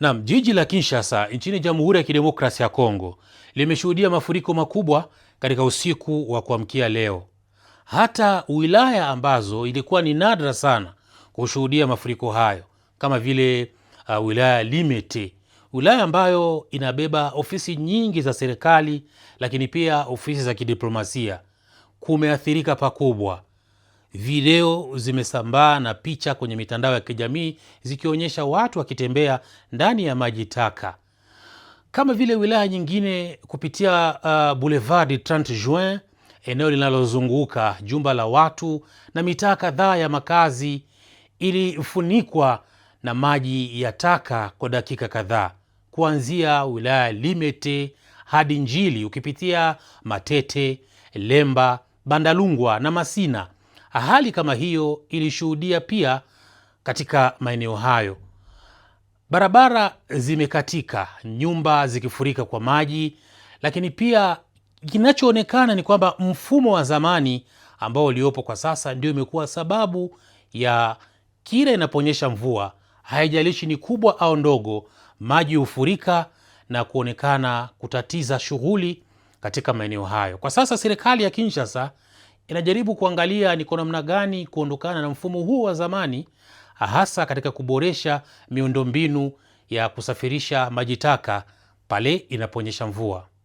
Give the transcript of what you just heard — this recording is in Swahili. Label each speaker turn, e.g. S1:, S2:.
S1: Nam, jiji la Kinshasa nchini Jamhuri ya Kidemokrasia ya Kongo limeshuhudia mafuriko makubwa katika usiku wa kuamkia leo. Hata wilaya ambazo ilikuwa ni nadra sana kushuhudia mafuriko hayo kama vile uh, wilaya Limete, wilaya ambayo inabeba ofisi nyingi za serikali, lakini pia ofisi za kidiplomasia kumeathirika pakubwa video zimesambaa na picha kwenye mitandao ya kijamii zikionyesha watu wakitembea ndani ya maji taka. Kama vile wilaya nyingine kupitia uh, Boulevard 30 Juin, eneo linalozunguka jumba la watu na mitaa kadhaa ya makazi ilifunikwa na maji ya taka kwa dakika kadhaa, kuanzia wilaya Limete hadi Njili, ukipitia Matete, Lemba, Bandalungwa na Masina Hali kama hiyo ilishuhudia pia katika maeneo hayo, barabara zimekatika, nyumba zikifurika kwa maji, lakini pia kinachoonekana ni kwamba mfumo wa zamani ambao uliopo kwa sasa ndio imekuwa sababu ya kila inaponyesha mvua, haijalishi ni kubwa au ndogo, maji hufurika na kuonekana kutatiza shughuli katika maeneo hayo. Kwa sasa serikali ya Kinshasa inajaribu kuangalia ni kwa namna gani kuondokana na mfumo huo wa zamani, hasa katika kuboresha miundombinu ya kusafirisha maji taka pale inaponyesha mvua.